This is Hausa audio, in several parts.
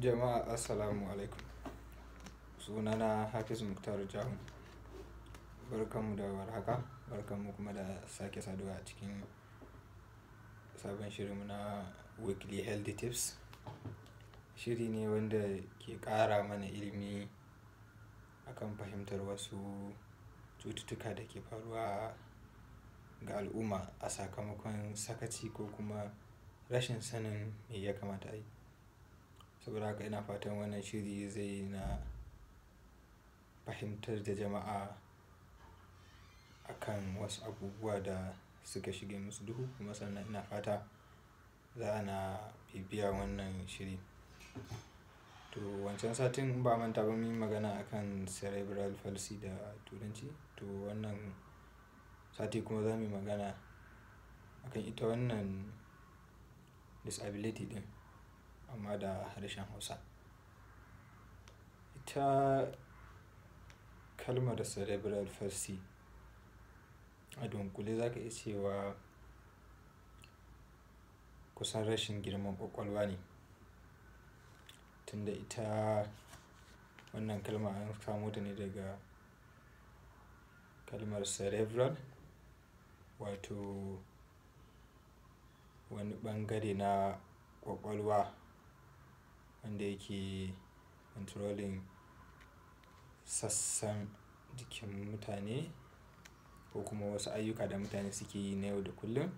jama'a assalamu alaikum sunana hafiz muktar jahun barkanmu da warhaka barkanmu kuma da sake saduwa a cikin sabon shirinmu na weekly healthy tips shiri ne wanda ke kara mana ilimi akan fahimtar wasu cututtuka da ke faruwa ga al'umma a sakamakon sakaci ko kuma rashin sanin me ya kamata a yi Saboda haka ina fatan wannan shiri zai na fahimtar da jama'a akan wasu abubuwa da suka shige musu duhu kuma sannan ina fata za na bibiya wannan shiri. To wancan satin ba manta ba mun magana akan cerebral palsy da turanci. To wannan sati kuma za mu yi magana akan ita wannan disability ɗin. amma da harshen hausa ita kalmar cerebral palsy a dunkule za ka iya cewa kusan rashin girman kwakwalwa ne tunda ita wannan kalmar an samo ta ne daga kalmar cerebral wato wani ɓangare na kwakwalwa wanda yake controlling sassan jikin mutane ko kuma wasu ayyuka da mutane suke yi na yau da kullum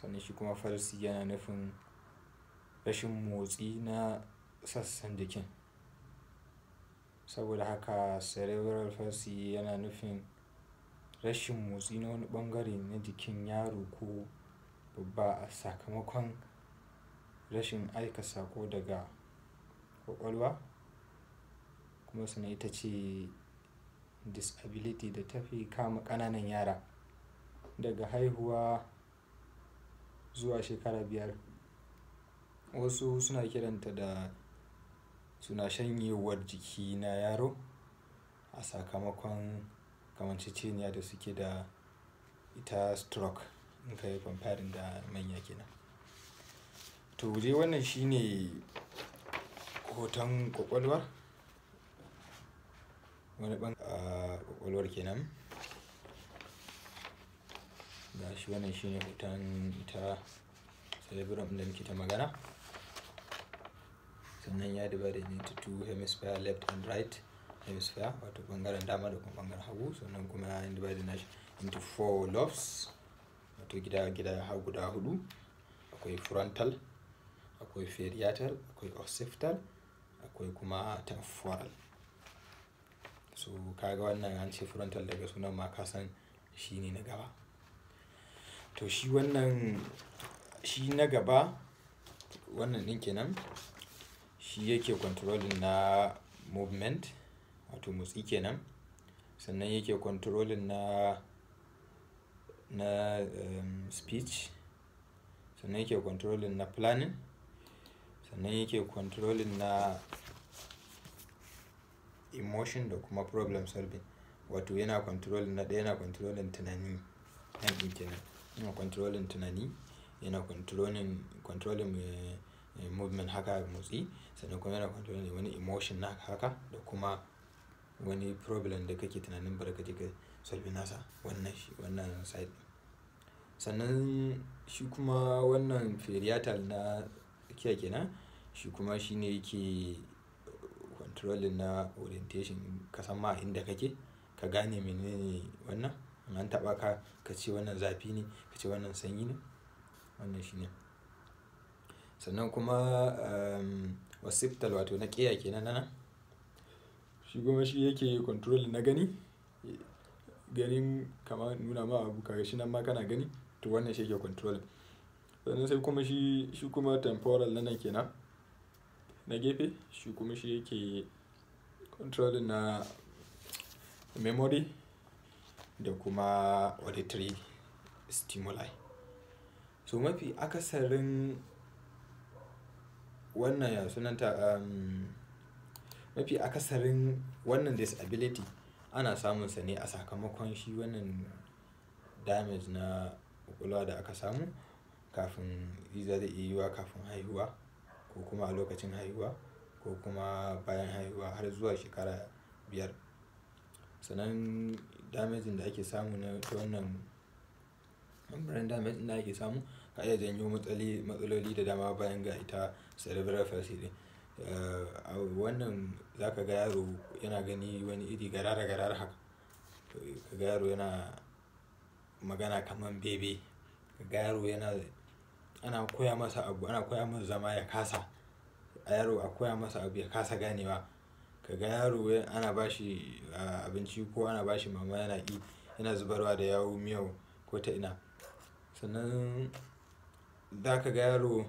sannan shi kuma falsi yana nufin rashin motsi na sassan jikin saboda haka cerebral palsy yana nufin rashin motsi na wani ɓangare na jikin yaro ko babba a sakamakon rashin aika sako daga kwakwalwa kuma suna ita ce disability da ta fi kama kananan yara daga haihuwa zuwa shekara biyar wasu suna kiranta da suna shanyewar jiki na yaro a sakamakon kamanceceniya da suke da ita stroke in ka yi comparing da manya kenan to dai wannan shine hoton kwakwalwar wani ban a kwakwalwar kenan ga shi wannan shine hoton ita cerebrum da muke ta magana sannan ya divide ne to two hemisphere left and right hemisphere wato bangaren dama da kuma bangaren hagu sannan kuma ya divide na into four lobes wato gida gida har guda hudu akwai frontal akwai feriatal akwai occipital akwai kuma temporal so kaga wannan an ce frontal daga sunan ma ka san shi ne na gaba to shi wannan shi na gaba wannan din kenan shi yake controlling na movement wato motsi kenan sannan yake controlling na na um, speech sannan yake controlling na planning sannan yake controlling na emotion da kuma problem solving wato yana controlling na ɗaya yana controlling tunani nan ɗin kenan yana controlling tunani yana controlling controlling eh, eh, movement haka motsi sannan kuma yana controlling wani emotion na haka da kuma wani problem da kake tunanin bar ka je ka solve nasa wannan shi wannan side sannan shi kuma wannan feriatal na tsakiya kenan shi kuma shi ne yake controlling na orientation ka san ma inda kake ka gane menene wannan in an taɓa ka ka ce wannan zafi ne ka ce wannan sanyi ne wannan shi ne sannan kuma um, wasiftal wato na kiya kenan nan shi kuma shi yake control na gani ganin kama nuna ma abu kare shi nan ma kana gani to wannan shi yake control sannan sai kuma shi shi kuma temporal na nan kenan na gefe shi kuma shi yake controlling na memory da kuma auditory stimuli so mafi akasarin wannan ya sunanta um, mafi akasarin wannan disability ana samun sa ne a sakamakon shi wannan damage na kwakwalwa da aka samu kafin visa da iya yiwuwa kafin haihuwa ko kuma a lokacin haihuwa ko kuma bayan haihuwa har zuwa shekara biyar. Sannan damajin da ake samu na wannan membrane damajin da ake samu ka iya janyo matsaloli da dama bayan ga ita cerebral palsy eh, A wannan za ka ga yaro yana gani wani iri garara garara haka. Ka ga yaro yana magana kamar bebe. Ka ga yaro yana ana koya masa abu ana koya masa zama ya kasa a yaro a koya masa abu ya kasa ganewa kaga yaro ana bashi abinci ko ana bashi mama yana ƙi yana zubarwa da yawo miyau ko ta ina sannan za ka ga yaro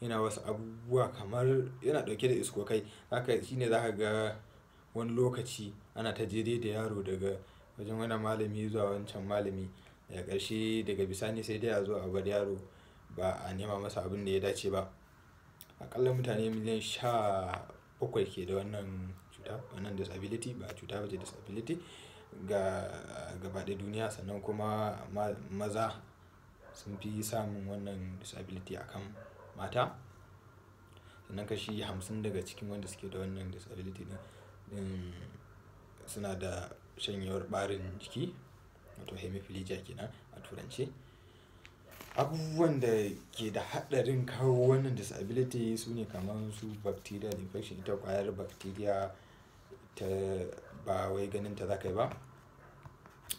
yana wasu abubuwa kamar yana dauke da isko kai haka shine za ka ga wani lokaci ana ta jere da yaro daga wajen wani malami zuwa wancan malami daga ƙarshe daga bisani sai dai a zo a bar yaro ba a nema masa abin da ya dace ba akalla mutane miliyan sha bakwai ke da wannan cuta wannan disability ba cuta ba ce disability ga gabaɗe duniya sannan kuma maza sun fi samun wannan disability kan mata sannan kashi hamsin daga cikin wanda suke da wannan disability din suna da shanyewar ɓarin jiki wato hemiplegia kenan a turance abubuwan da ke da haɗarin kawo wannan disability su ne kamar su bacterial infection ita ƙwayar bacteria ta ba wai ganin ta zaka yi ba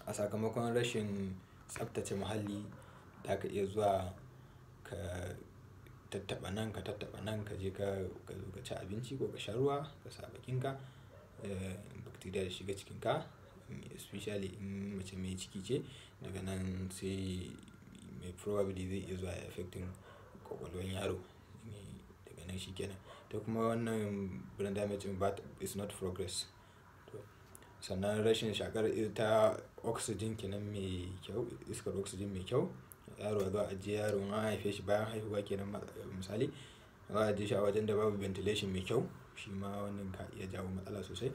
a sakamakon rashin tsabtace muhalli da ka iya zuwa ka tattaɓa nan ka tattaɓa nan ka je ka zo ka ci abinci ko ka sha ruwa ka sa bakinka eh, bacteria da shiga ka especially in mace mai ciki ce daga nan sai mai probably zai iya zuwa ya affecting ƙwaƙwalwan yaro daga nan shi kenan ta kuma wannan brain damage but is not progress sannan rashin shakar ta oxygen kenan mai kyau iskar oxygen mai kyau yaro zuwa ajiye yaro ma haife shi bayan haihuwa kenan misali za ajiye shi a wajen da babu ventilation mai kyau shi ma wannan ka iya jawo matsala sosai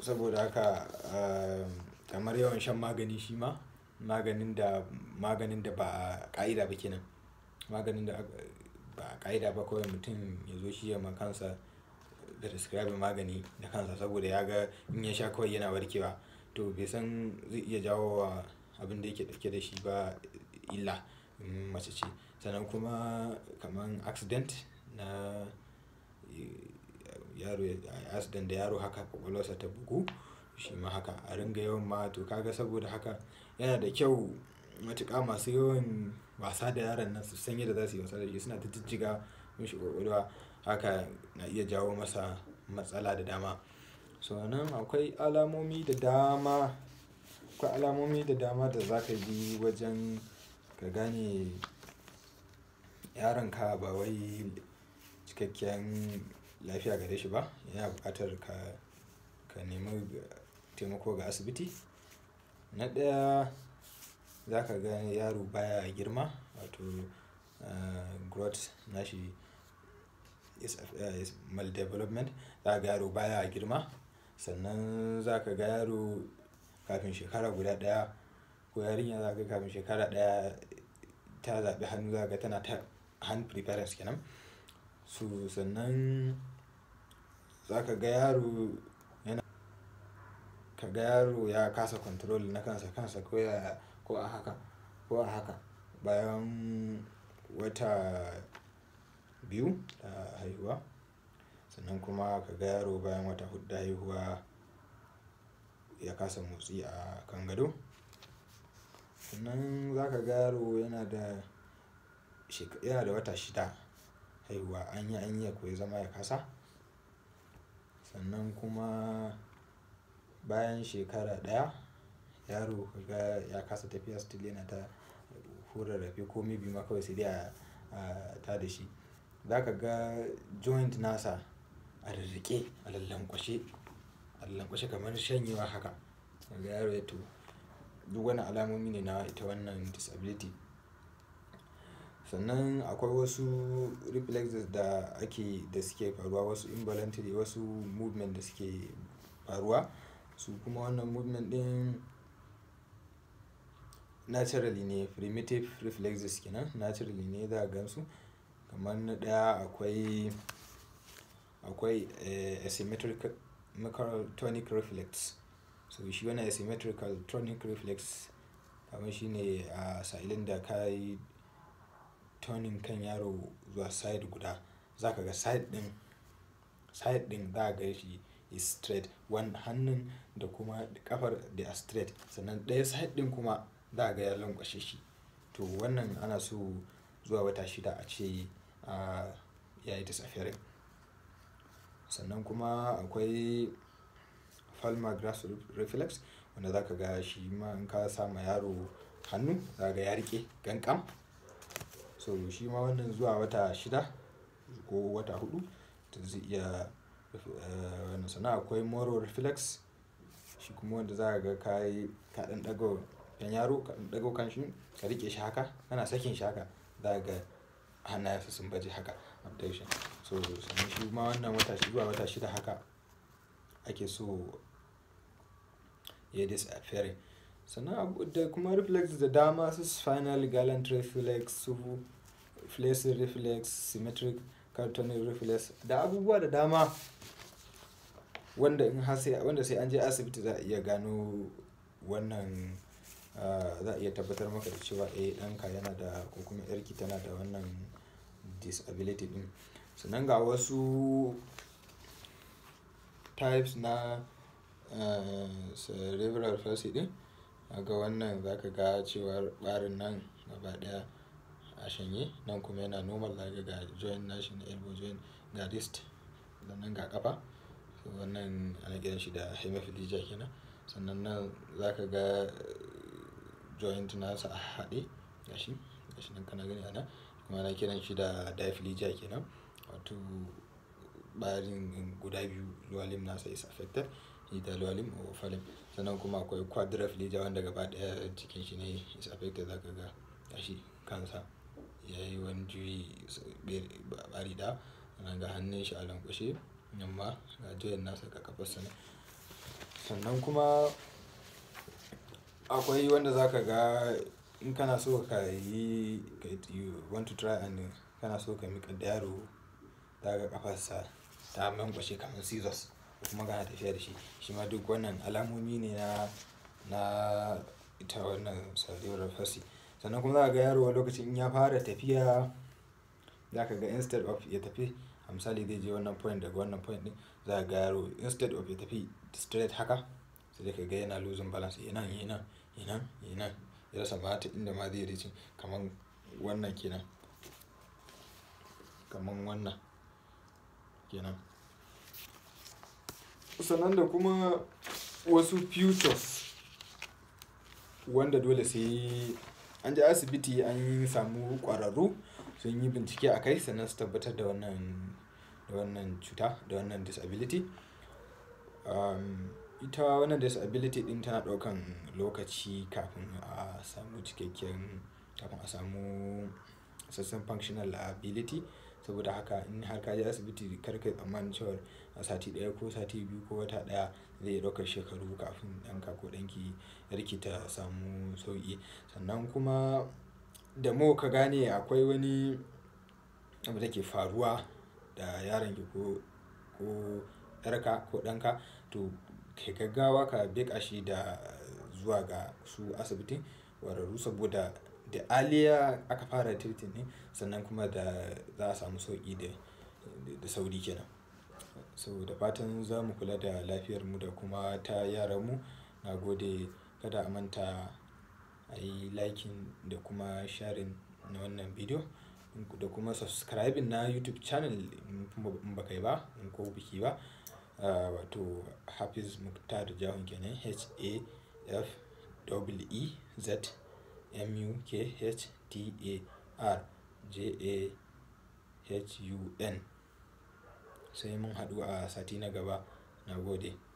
saboda haka ah, kamar yawan shan magani shi ma maganin da maganin da ba a ka'ida ba kenan maganin da ba a ka'ida ba kawai mutum ya zo shi ya ma kansa da prescribe magani da kansa saboda ya ga in ya sha kawai yana warkewa to bai san zai iya jawo wa abin da yake dauke da shi ba illa mace ce sannan kuma kamar accident na yaro accident da yaro haka kwakwalwarsa ta bugu shi ma haka a ringa yawan ma to kaga saboda haka yana da kyau matuƙa masu yawan wasa da yaran nan su san yadda za su yi wasa da shi suna ta jijjiga mishi kwakwalwa haka na iya jawo masa matsala da dama nan akwai alamomi da dama akwai alamomi da dama da za ka bi wajen ka gane ka ba wai cikakken lafiya gare shi ba yana bukatar ka nemi taimako ga asibiti na ɗaya za ka ga yaro baya girma wato eh, growth nashi is, eh, is maldevelopment za ga yaro baya girma sannan za ka ga yaro kafin shekara guda ɗaya ko yarinya za ka kafin shekara ɗaya ta zaɓi hannu za ka tana ta hand preference kenan su sannan za ka ga yaro Kaga yaro ya kasa control na kansa kansa ko ya ko a haka ko a haka bayan wata biyu da haihuwa sannan kuma kaga yaro bayan wata hudu da haihuwa ya kasa motsi a kan gado sannan za ka ga yaro yana da yana da wata shida haihuwa an yi an yi ya koyi zama ya kasa sannan kuma bayan shekara ɗaya yaro kaga ya kasa tafiya still yana ta horarrafe ko maybe ma kawai sai dai a ta da shi za ka ga joint nasa a rirriƙe a lallankwashe a lallankwashe kamar shanyewa haka daga yaro ya duk wani alamomi ne na ita wannan disability sannan akwai wasu reflexes da ake da suke faruwa wasu involuntary wasu movement da suke faruwa su kuma wannan movement ɗin naturally ne primitive reflexes kenan naturally ne za a gansu kamar na ɗaya akwai akwai eh, asymmetrical tonic reflex so shi wani asymmetrical tonic reflex kamar shi ne a sa'ilin da ka yi tonin kan yaro zuwa side guda za ka ga side ɗin side din za ga shi is straight one hannun da kuma ƙafar da a straight sannan ɗaya side ɗin kuma za ga ya lankwashe shi to wannan ana so zuwa wata shida a ce ya yi disappearing sannan kuma akwai falmar grass reflex wanda za ka ga shi ma in ka sama yaro hannu za ga ya rike gankan so shi ma wannan zuwa wata shida ko wata hudu zai iya Eh, wannan sannan akwai moro reflex shi kuma wanda za ka ga ka yi ka ɗan ɗago ɗan yaro ka ɗan ɗago kan shi ka riƙe shi haka kana sakin shi haka za ka ga hannayensa sun baje haka abduction so sannan shi ma wannan wata zuwa wata shida haka ake so ya disappearing sannan da kuma reflex da dama su spinal gallant reflex su flaccid reflex symmetric reflex da abubuwa da dama wanda sai an je asibiti za a iya gano wannan za a iya tabbatar maka da cewa a eh, ɗanka yana da ko kuma yarki tana da wannan disability din sannan ga wasu types na cerebral palsy din ga wannan za ka ga cewar ɓarin nan gaba ɗaya a shanye nan kuma yana normal za ga join nashi na elbow join ga wrist sannan ga kafa wannan ana kiran shi da hemiplegia kenan sannan nan za ka ga eh, joint nasa a haɗe gashi gashi nan kana gani ana kuma ana kiran shi da diaplegia kenan wato barin guda biyu luwalim nasa is affected ita luwalim or falim sannan kuma akwai quadriplegia wanda gaba daya cikin shi ne is affected za ga gashi kansa ya yi wani juyi bari da nan ga hannun shi a lankwashe yamma ga juyin nasa ga kafarsa ne sannan kuma akwai wanda za ka ga in kana so ka yi you want to try and kana so ka miƙa da yaro za ka kafarsa ta mankwashe kamar scissors kuma kana tafiya da shi shi ma duk wannan alamomi ne na na ita wannan saurewar fasi sannan kuma za ga yaro a lokacin in ya fara tafiya za ka ga instead of ya tafi a misali zai je wannan point daga wannan point ne za ga yaro instead of ya tafi straight haka sai ka ga yana losing balance yana yana yana yana ya rasa ba ta inda ma zai reaching kaman wannan kenan kaman wannan kenan sannan da kuma wasu futures wanda dole sai an je asibiti an yi samu ƙwararru sun yi bincike a kai sannan su tabbatar da wannan da cuta da wannan disability um, ita wannan disability din tana ɗaukan lokaci kafin a samu cikakken kafin a samu sassan functional ability saboda haka in har ka je asibiti kar kai tsammanin cewa a sati ɗaya ko sati biyu ko wata ɗaya zai iya ɗaukar shekaru kafin ɗanka ko ɗanki yarki ta samu sauƙi sannan kuma da mo ka gane akwai wani abu da faruwa da yaronki ko ko yarka ko ɗanka to kai gaggawa ka bika shi da zuwa ga su asibitin wararru saboda da aliya aka fara treating ne sannan kuma da za a samu sauki da sauri kenan so da fatan za mu kula da lafiyar mu da kuma ta yaran mu na gode kada a manta a yi laikin da kuma sharing na wannan bidiyo da kuma subscribe na youtube channel in ba kai ba in ko biki ba ah, wato hafiz muktar jahun kenan h a f w e, e z M U K H T A R J A H U N. Sai mun haɗu a sati na gaba. Na gode.